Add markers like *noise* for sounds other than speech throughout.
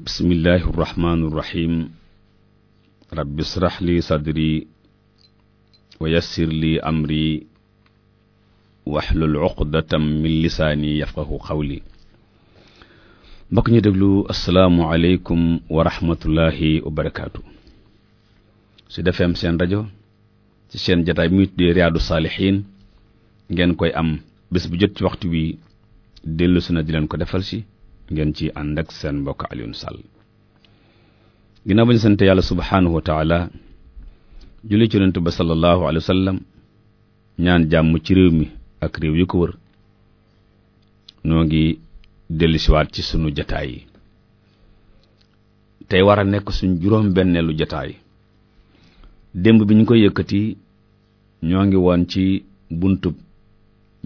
bismillahi irrahmani irrahim rabbi israh li sadri wa yassir li amri waxlul uqdatam min lisaani yafqahu qawli mbokk ñu déglu asalaamualeykum wa rahmatullahi wa barakaatu su defeem seen rajo ci seen jataay mi tuddee riyaadu saalihiin ngeen koy am bés bu jot ci waxtu wi dellu si na di leen ko defal si ngeen ci ànd seen mbokk Alioune Sall ginnaaw sant yàlla subhaanahu wa taala julli ci yonent ba sallallahu alayhi wa sallam ñaan jàmm ci réew mi ak réew yu ko wër ñoo ngi dellusiwaat ci sunu jataay yi tey war a nekk suñ juróom benneelu jataay démb bi ñu koy yëkkati ñoo ngi woon ci buntub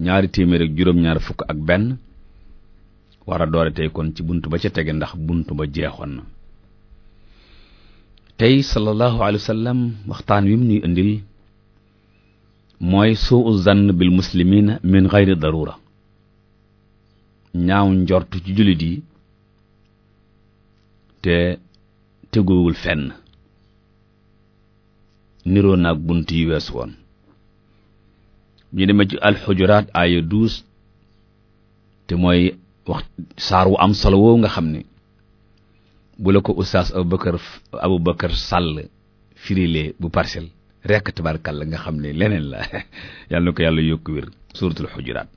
ñaari téeméer ak juróom-ñaar fukk ak benn war a doore tey kon ci bunt ba ca tege ndax bunt ba jeexoon na tey sallallahu alayhi wa sallam waxtaan wi mu ñuy indil mooy suu zann bil muslimina min gayri darura ñaaw njort ci jullit yi te tegoowul fenn niroo naag bunt yi wees woon ñu demee ci alxujuraat aya douze te mooy wax saar wu am solo woowu nga xam ne bu la ko oustaz Aboubacar Aboubacar Sall firile bu parcelle rekk tabarkàlla nga xam ne leneen la *laughs* yàlla na ko yàlla yokk wér suuratul xujuraat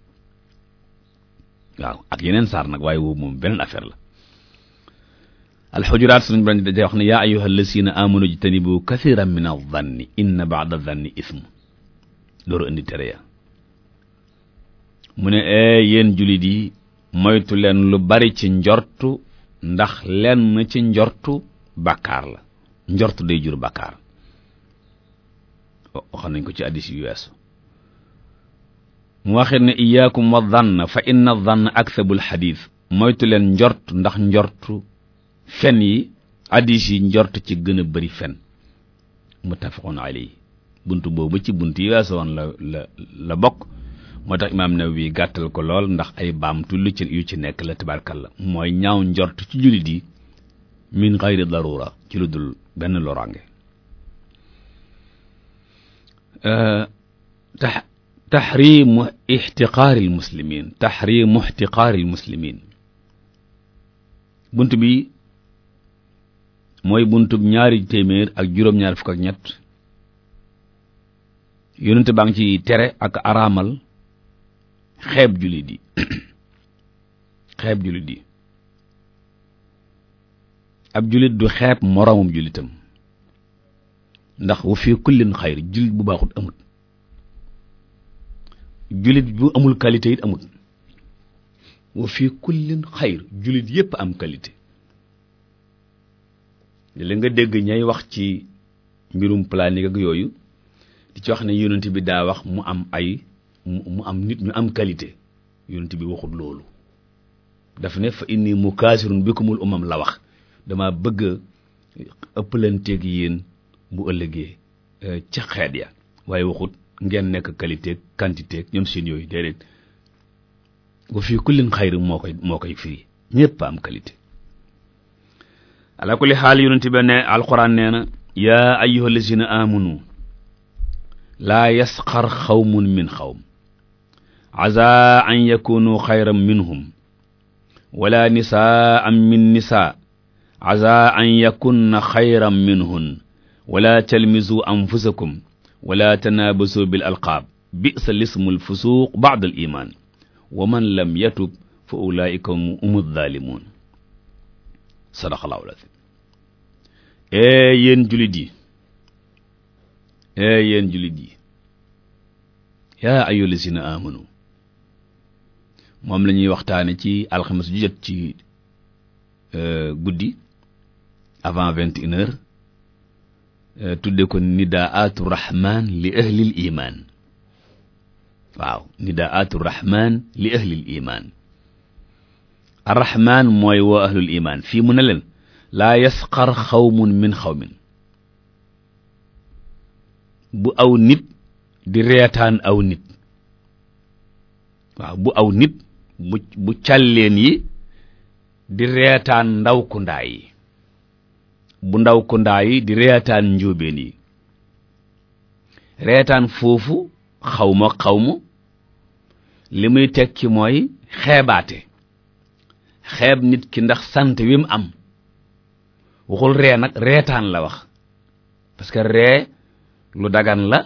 waaw ak yeneen saar nag waaye woowu moom beneen affaire la alxujuraat suñu borom wax ne yaa ayyuha allasina amanu jtanibu kathiran min adh-dhanni inna ba'da adh-dhanni ithm loolu indi tere ya mu ne yéen jullit yi moytu leen lu bari ci njort ndax lenn ci njortu bàkkaar la njortu day jur bàkkaar oh, waxoon nañ ko ci addis yu weesu mu waxee ne iyaakum wa dhann fa inna dhann aksabul xadiis moytu leen njort ndax njort fen yi addis yi njort ci gën a bari fen muttafaqun alayhi bunt boobu ci bunt yi weesu woon la la la bokk moo tax imaam Nawawi gàttal ko lool ndax ay baamtu lu ci yu ci nekk la tabarkalla mooy ñaaw njort ci jullit yi min xayri darura ci lu dul benn loraange tax euh, taxrimu ixtiqaaril muslimin taxrimu ixtiqaaril muslimin bunt bi mooy buntub ñaari téeméer ak juróom-ñaar fukk ak ñett yonente baa ngi ci tere ak araamal xeeb jullit yi xeeb jullit yi ab jullit du xeeb moroomum jullitam ndax wa fii kullin xayr jullit bu baaxut amut jullit bu amul qualité it amut wa fii kullin xayr jullit yépp am qualité li nga dégg ñay wax ci mbirum planique yooyu di ci wax ne yonent bi daa wax mu am ay mu am nit ñu am qualité yonent bi waxut loolu daf ne fa inni mukaasirun bikumul umam la wax dama bëgg a ëppalanteeg bu ëllëgee euh, ca xeet ya waaye waxut ngeen nekk qualité quantité ñoom seen yooyu déedéet wa fii kullin xayri moo koy moo koy firi ñëpp am qualité ala kulli xaal yonent bi ne alquran nee na yaa ayyuhallazina amanu laa yasxar xawmun min xawm asa an yakunu xayran minhum wala nisaan min nisa asa an yakunna xayran minhun wala talmizu anfusakum wala tanaabasu bil alqaab bisa lismu alfusuuq ba'da al iman wa man lam yatub fa ulaika humu zaalimuun sadaqallaahu al-aziim ee yéen jullit yi ee yéen jullit yi yaa ayyuhallazina aamanu moom lañuy ñuy ci alxames ju jot ci euh, guddi avant vingt et une heures euh, tudde ko nidaatu li ahlil iman waaw nidaatu rahman li ahlil iman arrahman mooy woo ahlul iman fii mu ne leen laa yasqar xawmun min xawmin bu aw nit di reetaan aw nit waaw bu aw nit bu bu yi di reetaan ndaw kundaa yi bu ndaw kundaa yi di reetaan njóobeen yi reetaan foofu xawma xawma li muy tekki mooy xeebaate xeeb nit ki ndax sant wi mu am waxul ree nag reetaan la wax parce que ree lu dagan la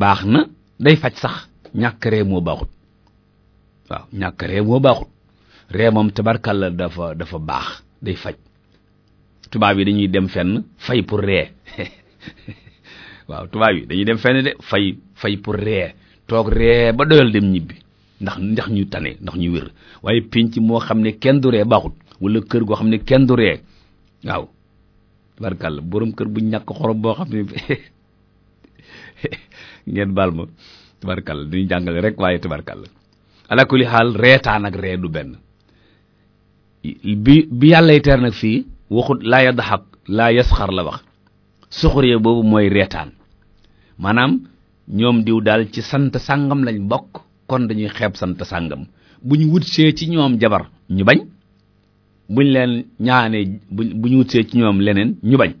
baax na day faj sax ñàkk ree moo baaxut waaw ñàkk ree moo baaxut ree moom tabarkàlla dafa dafa baax day faj tubaab yi dañuy dem fenn fay pour ree *laughs* waaw tubaab yi dañuy dem fenn de fay fay pour ree toog ree ba doyal dem ñibbi ndax ndax ñu tane ndax ñu wér waaye pinc moo xam ne kenn du ree baaxut wala kër goo xam ne kenn du ree waaw tabarkàlla borom kër bu ñàkk xorom boo xam ne *laughs* ngeen baal ma tabarkàlla duñu jàngale rek waaye tabarkàlla alakuli xaal reetaan ak ree du benn bi bi yàllay teer nag fii waxut laa ya daxak laa yasxar la wax suxuree boobu mooy reetaan maanaam ñoom diw daal ci sant sàngam lañ bokk kon dañuy xeeb sant sàngam bu ñu wutsee ci ñoom jabar ñu bañ buñ leen ñaanee buñ bu ñu wutsee ci ñoom leneen ñu bañ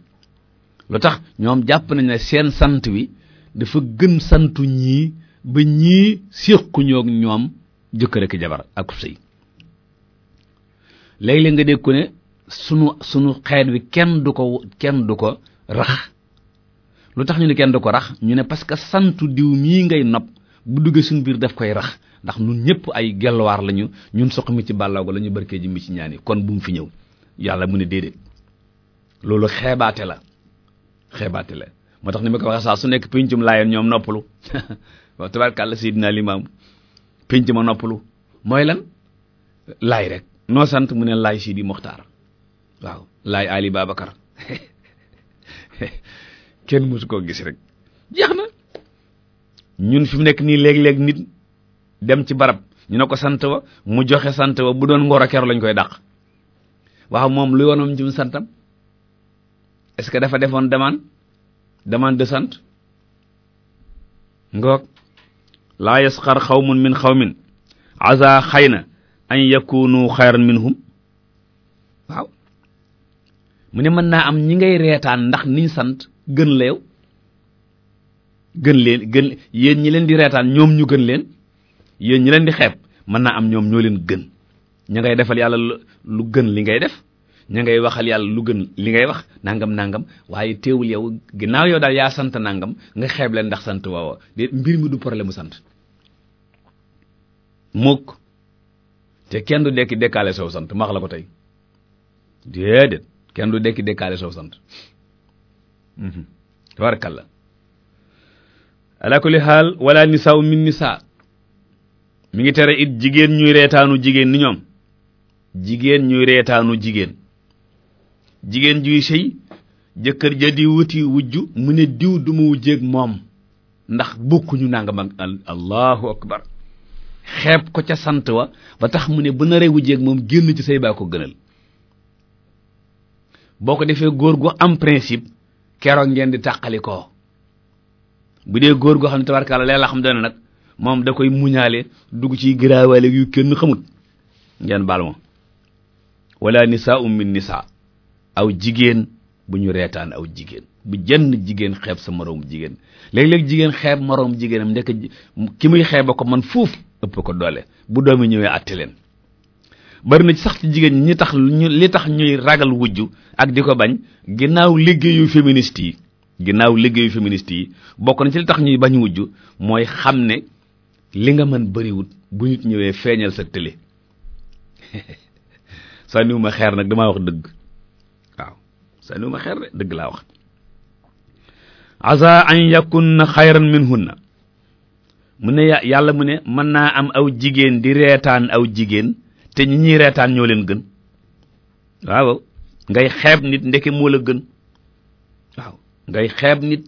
lu tax ñoom jàpp nañ ne seen sant wi dafa gën santu ñii ba ñii séquñoog ñoom jëkkër ak jabar ak sëy léeg-léeg nga dégg ko ne sunu sunu xeet wi kenn du ko kenn du ko rax lu tax ñu ne kenn du ko rax ñu ne parce que santu diw mii ngay nopp bu duggee suñu biir daf koy rax ndax nu ñëpp ay gelwaar lañu ñun soq mi ci bàllaago lañu barke barkee ci ñaani kon bu mu fi ñëw yàlla mu ne déedéet loolu xeebaate la xeebaate la moo tax ni ma ko waxee su nekk pincum laayoon ñoom noppalu *laughs* waaw tabarkàlla Seydina Limaam pénc ma noppalu mooy lan laay rek noo sant mu ne laay Sidi Mokhtar waaw laay Ali Babacar *laughs* kenn mësu koo gis rek jeex na ñun fi mu nekk nii léeg-léeg nit dem ci barab ñu ne ko sant wa mu joxe sant wa bu doon ngoro keroog lañ koy dàq waaw moom lu yoonam jum santam est que dafa defoon demande demande de sant ngoog laa yasxar xawmun min xawmin asa xay na añ an nu xayran minhum waaw mu ne mën naa am ñi ngay reetaan ndax niñ sant gën la yow gën leen gën yéen ñi leen di reetaan ñoom ñu gën leen yéen ñi leen di xeeb mën naa am ñoom ñoo leen gën ña ngay defal yàlla lu gën li ngay def ñu ngay waxal yàlla lu gën li ngay wax nangam nangam waaye teewul yow ginnaaw yow daal yaa sant nangam nga xeeb leen ndax sant waawa mbir mi du problème mu sant mukk te kenn du dekki dékkaale soow sant maax la ko tey kenn du dekki dékkaale sant mhm. tabarakallah ala xaal wala nisaa mi nisaa mi ngi tere it jigéen ñuy reetaanu jigéen ni ñoom jigéen ñuy reetaanu jigéen jigéen juy sëy jëkkër ja di wuti wujju mu ne diw du ma wujjeeg moom ndax bokkuñu nangam ak allahu akbar xeeb ko ca sant wa ba tax mu ne bu naree wujjeeg moom génn ci say baa ko gënal boo ko defee góor gu am principe keroog ngeen di tàqali ko bu dee góor goo xam ne tabarkàlla leen la xam doone nag moom da koy muñaale dugg ci giraawaale yu kenn xamut ngeen baal ma wala nisaa'un min nisaa aw jigéen bu ñu reetaan aw jigéen bu jenn jigéen xeeb sa moroom jigéen léeg-léeg jigéen xeeb moroom jigéenam ndekk ki muy xeeba ko man fuuf ëpp ko doole bu doomi ñëwee àtte leen bari na sax ci jigéen ñi ñi tax ñu li tax ñuy ragal wujj ak di ko bañ ginnaaw liggéeyu féministe yi ginnaaw liggéeyu féministe yi bokk na ci li tax ñuy bañ wujj mooy xam ne li nga mën bariwut bu nit ñëwee feeñal sa télé *laughs* sànniwuma xeer nag damaa wax dëgg sànniwuma xeer de dëgg laa wax asa an yakunna xayran minhunna mu ne yàlla mu ne mën naa am aw jigéen di reetaan aw jigéen te ñi ñuy reetaan ñoo leen gën waaw ngay xeeb nit ndeke moo la gën waaw ngay xeeb nit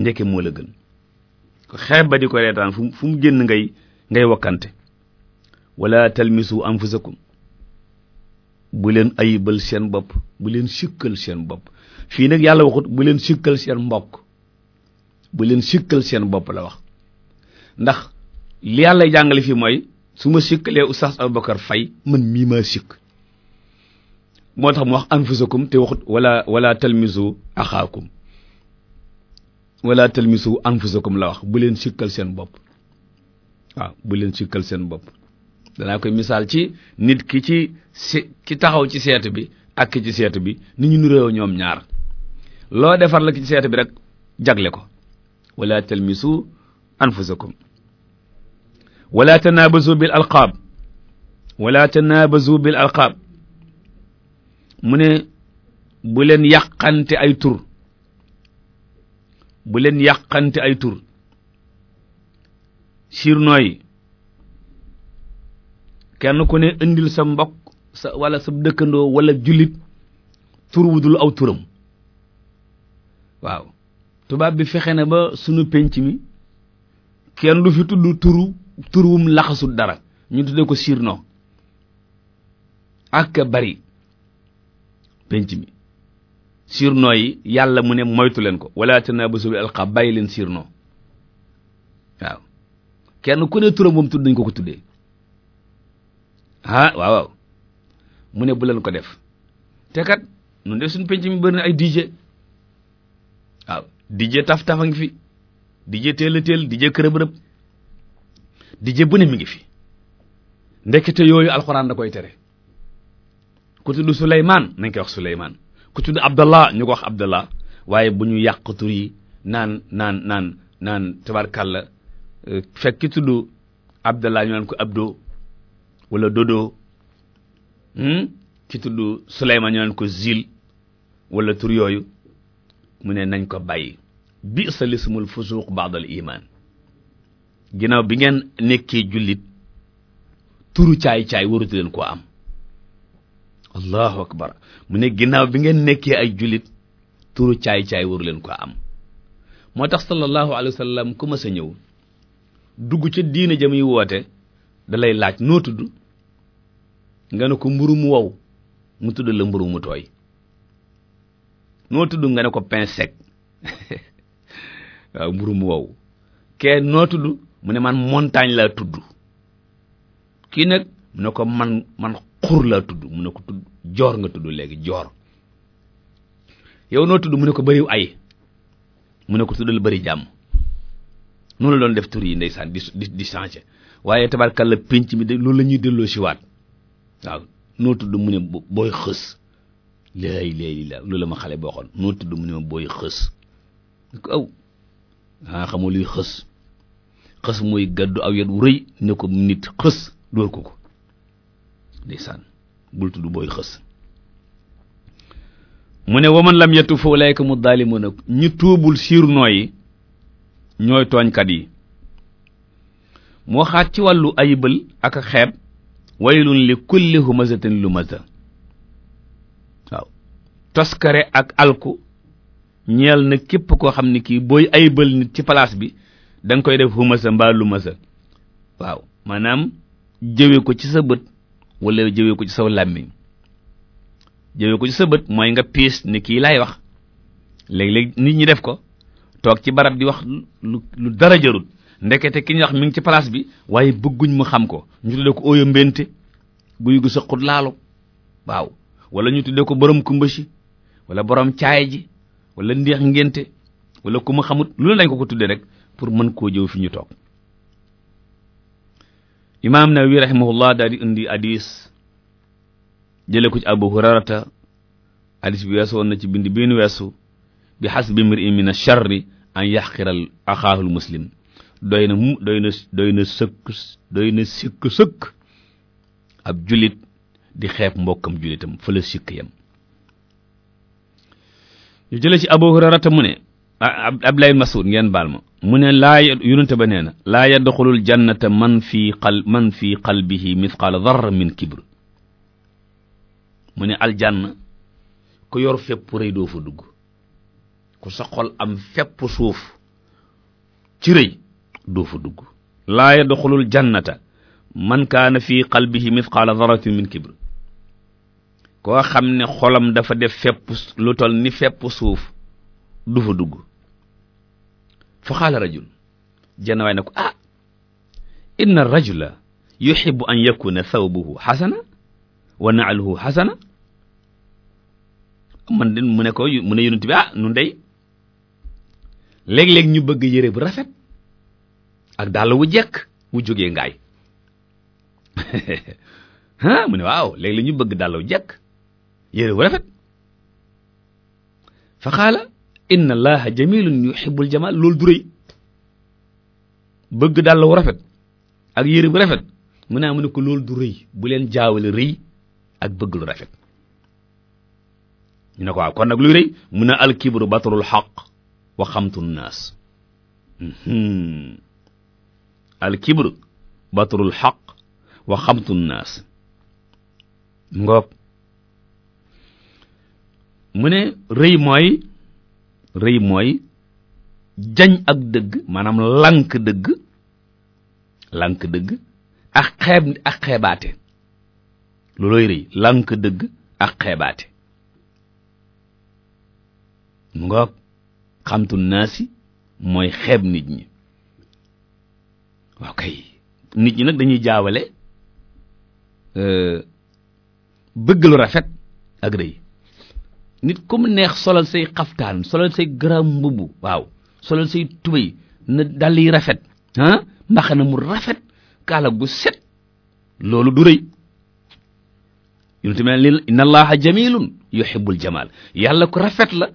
ndeke moo gën ko xeeb ba di ko reetaan fu mu fu mu génn ngay ngay wakkante wala talmisu anfusakum bu leen ayibal seen bopp bu leen sikkal seen bopp fii nag yàlla waxut bu leen sikkal seen mbokk bu leen sikkal seen bopp la wax ndax li yàlla jàngale fii mooy su ma sikkalee oustaz Aboubacar fay man mii maa sikk moo tax mu wax anfusakum te waxut wala wala talmisu axaakum wala talmisu anfusakum la wax bu leen sikkal seen bopp waaw bu leen sikkal seen bopp danaa koy misaal ci nit ki ci si ki taxaw ci seetu bi ak ki ci seetu bi ni ñu nuréew ñoom ñaar loo defar la ki ci seetu bi rek jagle ko wala talmisu anfusakum wala tanabazu bil alqaab wala tanabazu bil alqaab mu ne bu leen yàqante ay tur bu leen yàqante ay tur sirnooy kenn ku ne indil sa mbokk sa wala sa dëkkandoo wala jullit tur dul aw turam waaw tubaab bi fexe na ba sunu penc mi kenn du fi tudd tur turuwum laxasut dara ñu tudde ko sirno ak bari penc mi noo yi yàlla mu ne moytu leen ko wala tanabasu bi alqab bàyyi leen sirno waaw kenn ku ne turam moom tudd nañ ko ko tuddee ah waaw waaw mu ne bu ko def te kat ñun de suñu penc mi bëri na ay DJ waaw DJ taf tafa ngi fi DJ teel a teel DJ kërëb rëb DJ bu ne mi ngi fi ndekete yooyu alxuraan da koy tere ku tudd Souleymane nañ koy wax Souleymane ku tudd Abdallah ñu ko wax Abdallah waaye bu ñu yàq tur yi naan naan naan naan tabarkàlla fekk ki tudd Abdallah ñu naan ko Abdo. wala dodo ki hmm? tudd Suleymaan ñu naan ko zil wala tur yooyu mu ne nañ ko bàyyi bi sa lismul fusuq ba'dal iman ginnaaw bi ngeen nekkee jullit turu caay-caay leen koo am allahu akbar mu ne ginnaaw bi ngeen nekkee ay jullit turu caay-caay waru leen koo am moo tax sallallahu alayhi wa sallam ku ma sa ñëw dugg ca diina ja muy woote da laaj noo tudd nga ne ko mburu mu wow mu tudd la mburu mu tooy noo tudd nga ne ko pain sec *laughs* waaw mburu mu wow kee noo tudd mu ne man montagne laa tudd kii nag mu ne ko man man xur laa tudd mu ne ko tudd joor nga tudd léegi joor yow noo tudd mu ne ko bëriw ay mu ne ko tuddal bari jàmm noonu la doon def tur yi ndeysaan di di di changer waaye tabarkalla pinc mi de loolu la ñuy delloo siwaat waaw noo tudd mu ne booy xës léegi léegi la loolu la ma xale boo xoon noo tudd mu ne booy xës ko aw ah xamoo luy xës xës mooy gàddu aw yat wu rëy ne ko nit xës dóor ko ko ndeysaan bul tudd booy xës mu ne waman lam yettu fa ulayka mu daalimuuna ñu tuubul siir yi ñooy tooñkat yi moo xaat ci wàllu ayibal ak xeeb waylun li kulli humazatin lumaza waaw toskare ak alku ñeel na képp koo xam ne kii booy ayibal nit ci place bi danga koy def humaza mbaa lumaza waaw maanaam jëwe ko ci sa bët walla jëwe ko ci saw làmmiñ jëwe ko ci sa bët mooy nga piis ni kii laay wax léeg-léeg nit ñi def ko toog ci barab di wax lu lu dara jarut ndekete ki ñuy wax mi ngi ci place bi waaye bëgguñ mu xam ko ñu tuddee ko ooyo mbénte guy gu sëqut laalo waaw wala ñu tuddee ko borom kumba si wala boroom caay ji walla ndeex ngénte walla ku mu xamut lu lañ ko ko tuddee rek pour mën koo jëw fi ñu toog imaam Nawawi rahimahullah daal di indi hadis jële ko ci Abu Hurayrata hadis bi weesu woon na ci bind biin weesu bi xasbi mir'in min ash-sharri an yaxqiral axaahul muslim doy na mu doy na doy na sëkk sëkk ab jullit di xeef mbokkam jullitam fa la sikk yam ñu jële ci Abu Hurayrata mu ne Abdullah ibn Mas'ud ngeen baal ma mu ne laa yonente ba nee na laa yadxulul jannata man fii xal man fii qalbihi mithqala darra min kibr mu al aljanna ku yor fépp rëy doo fa dugg ku sa xol am fépp suuf ci rëy doo fa dugg laa yadxulul jannata man kaan fii qalbihi mithqaala daratin min kibr koo xam ne xolam dafa def fepp lu tol ni fepp suuf du fa dugg fa xaala rajul jenn waay ko ah inna rajula yuhibbu an yakuna thawbuhu xasana wa na'luhu xasana man de mu ne ko mu ne yonent bi ah nu ndey léeg-léeg ñu bëgg yére bu rafet ak dàll wu jekk wu jóge ngaay *laughs* ah mu ne waaw léegi la ñu bëgg dàll wu jekk yére wu rafet fa xaala inna allaha jamilun yuhibbul jamal loolu du rëy bëgg dàll wu rafet ak yére bu rafet mu naa ah, mu ne ko loolu du rëy bu leen jaawale rëy ak bëgg lu rafet ñu ne ko waaw kon nag luy rëy mun a alkibru batrul xaq wa xamtu naas mhm. alkibru batrul xaq wa xamtu naas ngoog mu ne rëy mooy rëy mooy jañ ak dëgg maanaam lànk dëgg lànk dëgg ak xeeb ak xeebaate loolooy rëy lànk dëgg ak xeebaate ngoog xamtu naasi mooy xeeb nit ñi waaw kay nit ñi nag dañuy jaawale euh, bëgg lu rafet ak rëy nit ku neex solal say xaftaan solal say grand mbubu waaw solal say tubéy na dàll yi rafet ah mbaxana mu rafet kaala gu set loolu du rëy yun te li ni inna allaha jamilun yuhibbul jamal yàlla ku rafet la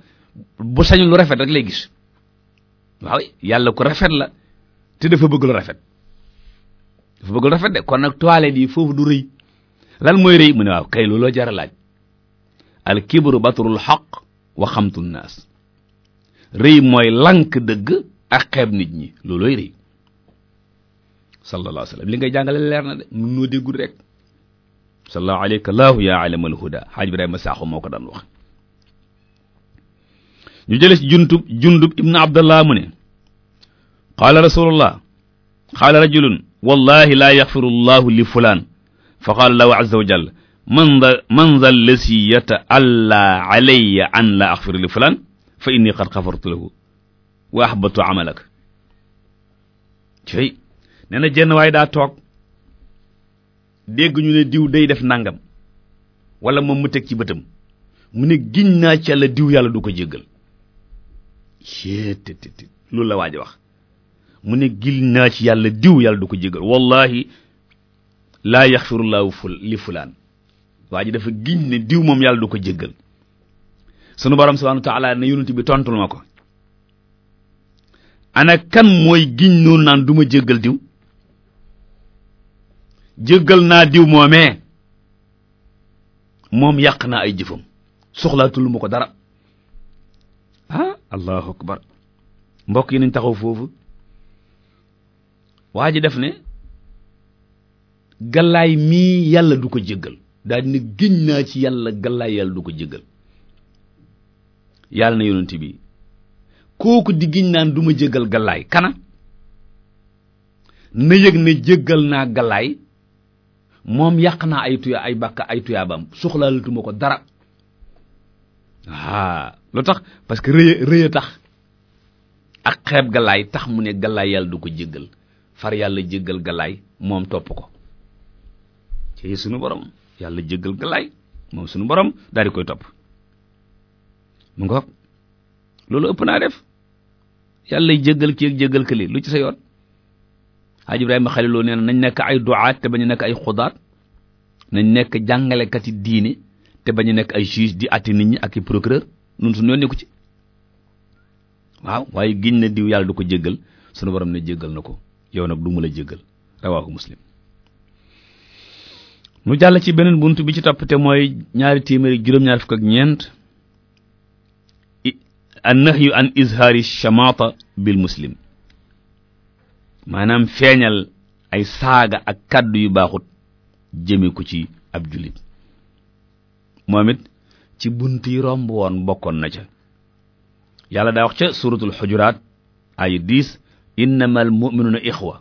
bu sañu lu rafet rek lay gis waaw yàlla ku rafet la te dafa bëgg lu rafet dafa bëgg rafet de kon nag toilette yi foofu du rëy lan mooy rëy mu ne waaw kay looloo jar a laaj al kibru batrul xaq wa xamtu naas rëy mooy lank dëgg ak xeeb nit ñi loolooy rëy sallallahu wa sallam li ngay jàngale leer na de nun noo déggul rek sallallahu alayka laahu yaa alamal huda xaaj ibrahima saaxu moo ko daan wax ñu jële ci juntub jundub ibnu abdallah mu ne qaala rasulullah qaala rajulun wallahi laa yaxfiru llahu li fulaan fa qaala lahu azza wa jalla man da man da lesi yata alla alayya an la axfir li fulaan fa inni qad xafartu lahu wa ahbatu amalak cey nee na jenn waaye daa toog dégg ñu ne diw day def nangam wala moom mu teg ci bëtam mu ne giñ naa ci diw yàlla du ko jéggal la waaj a wax mu ne gil naa ci yàlla diw yàlla du ko jégal wallahi laa yaxfirullahu ful li fulaan waa ji dafa giñ ne diw moom yàlla du ko jéggal sunu borom subhanahu wa ta'ala ne yonent bi ko ana kan mooy giñ noonu naan du jéggal diw jéggal naa diw moomee moom yàq naa ay jëfam soxlaatul ko dara ah allahu akbar mbokk yi nañ taxaw foofu waa ji def ne gallaay mii yàlla du ko jéggal daal dina naa ci yàlla gallaay yàlla du ko jéggal yàlla na yonent bi kooku di giñ naan du ma jéggal gallaay kana na yëg ne jéggal naa gallaay moom yàq naa ay tuya ay bàkk ay tuyaabam soxlaalatuma ko dara aa lu tax parce que rëy a tax ak xeeb gallaay tax mu ne gallaay yàlla du ko jëggal far yàlla jéggal galaay moom topp ko ci sunu borom yàlla jéggal galaay moom sunu borom daal di koy topp mu nga loolu ëpp naa def yàlla jéggal kii ak jéggal këli lu ci sa yoon Haaj Ibrahima loo nee na nañ nekk ay duaat te bañu nekk ay xudaat nañ nekk jàngalekati diine te bañu nekk ay juge di atti nit ñi ak i procureur nun suñu yoon nekku ci waaw waaye giñ na diw yàlla du ko jéggal sunu borom ne jéggal na ko yow nag duma la jéggal rawaahu muslim nu jàll ci beneen bunt bi ci topp te mooy ñaari téeméeri juróom-ñaar fukk ak ñeent an nahyu an izhaari shamaata bil muslim maanaam feeñal ay saaga ak kàddu yu baaxut jëme ko ci ab jullit moom it ci bunt yi romb woon bokkoon na ca yàlla daa wax ca suratul xujuraat ay 10 innamal mu'minuna ixwa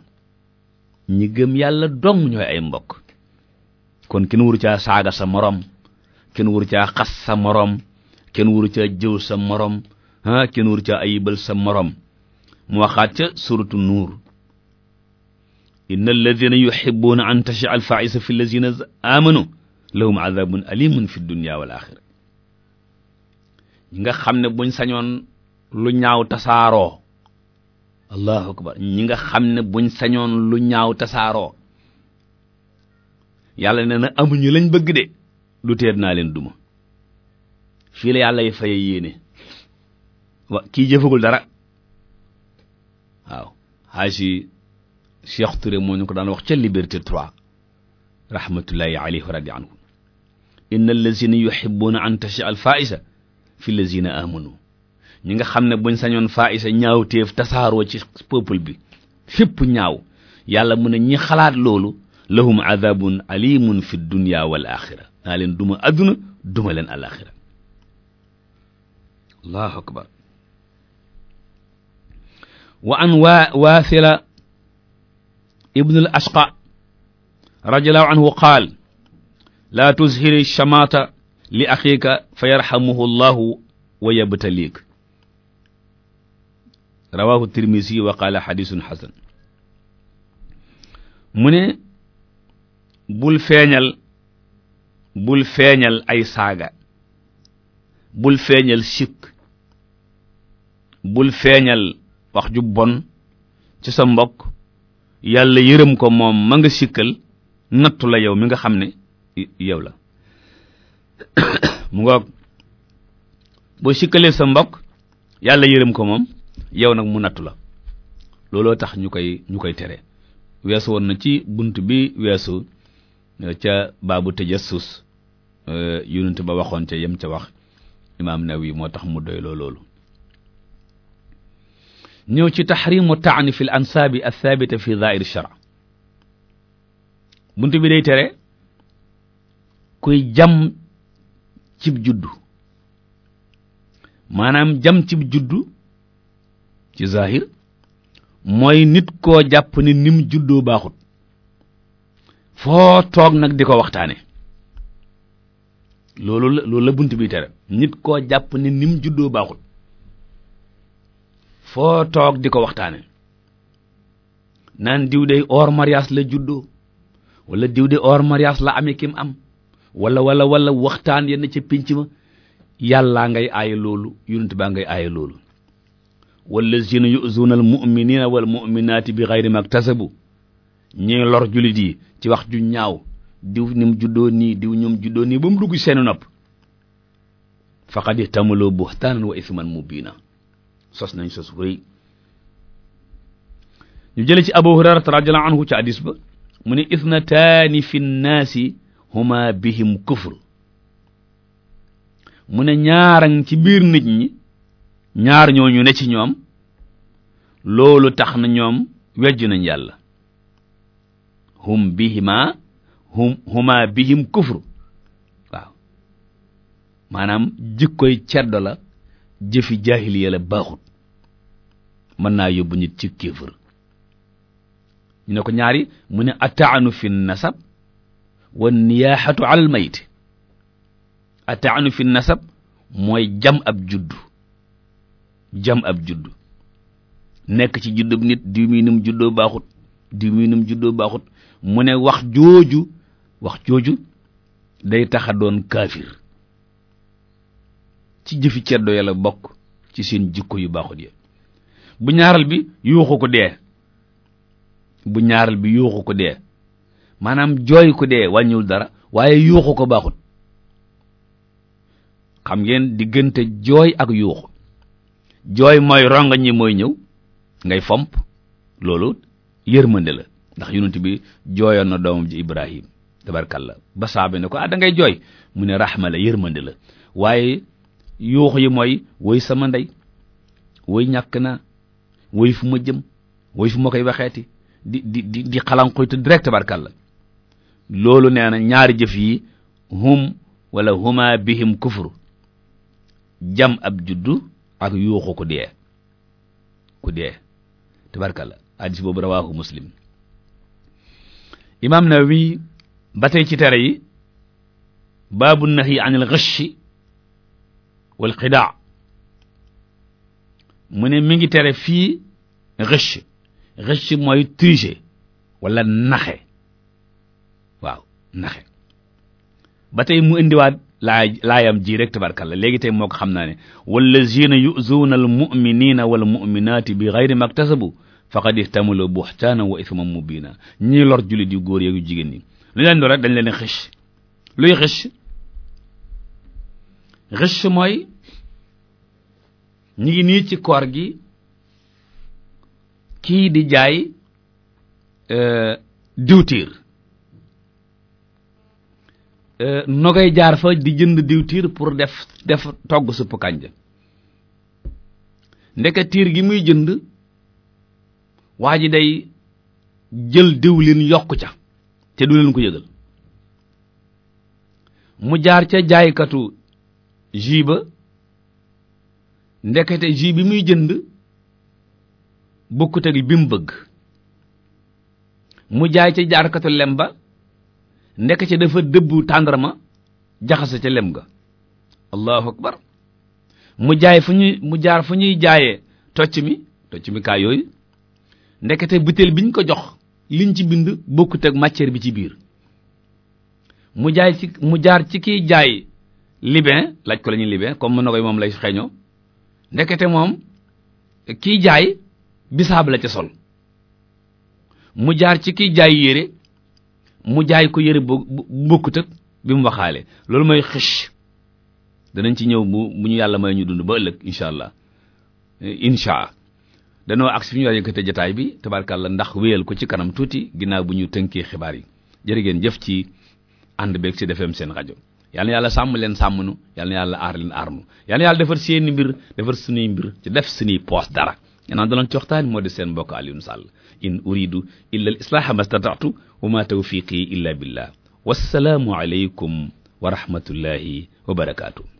ñi gëm yàlla dong ñooy ay mbokk kon kenn waru caa saaga sa morom kenn waru caa xas sa morom kenn waru caa jëw sa morom ah kenn waru caa ayibal sa morom mu waxaat ca suratu nuur inna alladina yuhibbuuna an tashi al faisa fi allazina amanu lahum adabun alimun fi dunya wal axira ñi nga xam ne buñ sañoon lu ñaaw tasaaroo allahu akbar ñi nga xam ne buñ sañoon lu ñaaw tasaaroo yàlla ne na amuñu lañ bëgg de lu teer naa leen duma fii la yàlla yi faye yéene kii jëfagul dara waaw haaji Cheikh Touré moo ñu ko daan wax ca liberté 3 rahmatullahi alayhi wa radi anhu inna allazina yuhibbuna an tashi al faisa fi allazina amanu ñi nga xam ne buñ sañoon faa isa ñaaw téef tasaaroo ci peuple bi fépp ñaaw yàlla mu ne ñi xalaat loolu lahum adabun alimun fi dunya wal axira naa leen duma adduna duma leen alaxira allahu akbar wa an waa waasila ibnul ashqa radiallahu anhu qaal laa tuzhiri shamata li axiika fa yarhamuhu llahu wa yabtaliik rawahu tirmisi wa qaala xadisun xasan mu ne bul feeñal bul feeñal ay saaga bul feeñal sikk bul feeñal wax ju bon ci sa mbokk yàlla yërëm ko moom ma nga sikkal nattu la yow mi nga xam ne yow la *coughs* mu ngoog boo sikkalee sa mbokk yàlla yërëm ko moom yow nag mu nattu la looloo tax ñu koy ñu koy tere weesu woon na ci bunt bi weesu eh, ca baabu tajassus eh, yonent ba waxoon ca yem ca wax imaam Nawawi moo tax mu doy loolu ñëw ci tahrimu taani fi l ansaabi athabita fi dair shar bunt bi day tere kuy jam cib juddu maanaam jam cib juddu ci zahir mooy nit koo jàpp ni nim juddoo baaxut foo toog nag di ko waxtaane loolu la loolu la bunt bi tere nit koo jàpp ni nim juddoo baaxut foo toog di ko waxtaane naan diw dey or mariage la juddoo wala diw dey or mariage la amee kim am wala wala wala waxtaan yenn ca pinc ma yàlla ngay aaye loolu yonent baa ngay aaye loolu wallazina yu'zuna al mu'minina wal mu'minati bi ghayri maktasabu ñi lor jullit yi ci wax ju ñaaw diw ñum juddoo nii diw ñum juddoo nii ba mu dugg seeni nopp faqad ihtamaloo buhtaanan wa isman mubiina sos nañ sos rëy ñu jële ci abu hurairata radiyallahu anhu ci hadis mu ne isnataani fi nnaasi huma bihim kufr mu ne ñaaran ci biir nit ñi ñaar ñooñu ne ci ñoom loolu tax na ñoom wejju na yàlla hum bihima hum huma bihim kufru waaw maanaam jikkoy ceddo la jëfi jaahiliya la baaxut mën naa yóbbu nit ci kéefër ñu ne ko ñaari mu ne ataanu fi nasab wa niyaaxatu alal ataanu fi nasab mooy jam ab juddu jam ab judd nekk ci juddub nit diw mii num juddoo baaxut diw juddoo baaxut mu ne wax jooju wax jooju day taxa doon kaafir ci jëfi ceddo yàlla bokk ci seen jikko yu baaxut ya bu ñaaral bi yuuxu ko dee bu ñaaral bi yuuxu ko dee maanaam jooy ko dee wàññiwul dara waaye yuuxu ko baaxut xam ngeen diggante jooy ak yuuxu jooy mooy rongañ ñi mooy ñëw ngay fomp loolu yërmande la ndax yonent bi jooyoon na doomam ji Ibrahim la ba saabe ne ko ah da ngay jooy mu ne rahma la yërmande la waaye yuux yi mooy woy sama ndey woy ñàkk naa woy fu ma jëm woy fu ma koy waxeeti di di di di xalankoytu direct tabarkalla loolu nee na ñaari jëf yi hum wala huma bihim kufru jam ab juddu ak yuuxu ku dee ku dee tabarkalla hadis boobu rawaahu muslim imaam Nawawi ba tey ci tere yi baabu naxi an al ghash wal xidaa mu ne mi ngi tere fii ghash ghash mooy tricher wala naxe waaw naxe ba mu indiwaat laa laayam ji rek tabarkalla léegi tey moo ko xam naa ne wallazina yu'zuna almu'minina wal mu'minati bi ghayri maktasabu faqad ihtamalu buhtaanan wa ithman mubina ñii lor jullit yu góor yeeg yu jigéen ñi lu leen lor rek dañ leen xëcc luy xëcc xëcc mooy ñu ngi nii ci koor gi kii di jaay euh, diwtiir Euh, nogay jaar fa di jënd diw diwtiir pour def def togg supp kànja ndeke tiir gi muy jënd waa ji day jël diwlin yokk ca te du leen ko yëgal mu jaar ca jaaykatu jus ba ndekete jus bi muy jënd bokkut ak bi mu bëgg mu jaay ca jaarkatu lem ba ndekk ca dafa dëbbu tàndarma jaxase ca lem nga allahu akbar mu jaay fu ñuy mu jaar fu ñuy jaaye tocc mi tocc mi kaa yooyu ndekete butéel biñ ko jox liñ ci bind bokkut ak bi ci biir mu jaay ci mu jaar ci kiy jaay libin laaj ko lañuy liben libin comme mu na koy moom lay xeeñoo ndekete moom kiy jaay bisaab la ca sol mu jaar ci kiy jaay yére mu jaay ko yëre bu bokkut ak bi mu waxaale loolu mooy xëch danañ ci ñëw bu bu ñu yàlla may ñu dund ba ëllëg incha allah incha danoo ak fi ñu war yëkkate jataay bi tabarkàlla ndax wéyal ko ci kanam tuuti ginnaaw bu ñu tënkee xibaar yi jërë ngeen jëf ci ànd beeg ci defeem seen rajo yal yàlla sàmm leen sàmm nu yàlla na yàlla aar leen aar nu yal na yàlla defar seeni mbir defar suñuy mbir ci def suñuy poos dara. yanaan doon ci waxtaan moo di seen mbokk wa ma tawfiqi illa billah wassalaamu aleykum wa rahmatullahi wa barakaatu